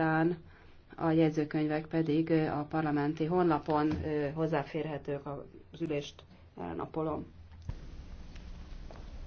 aztán a jegyzőkönyvek pedig a parlamenti honlapon hozzáférhetők az ülést elnapolom.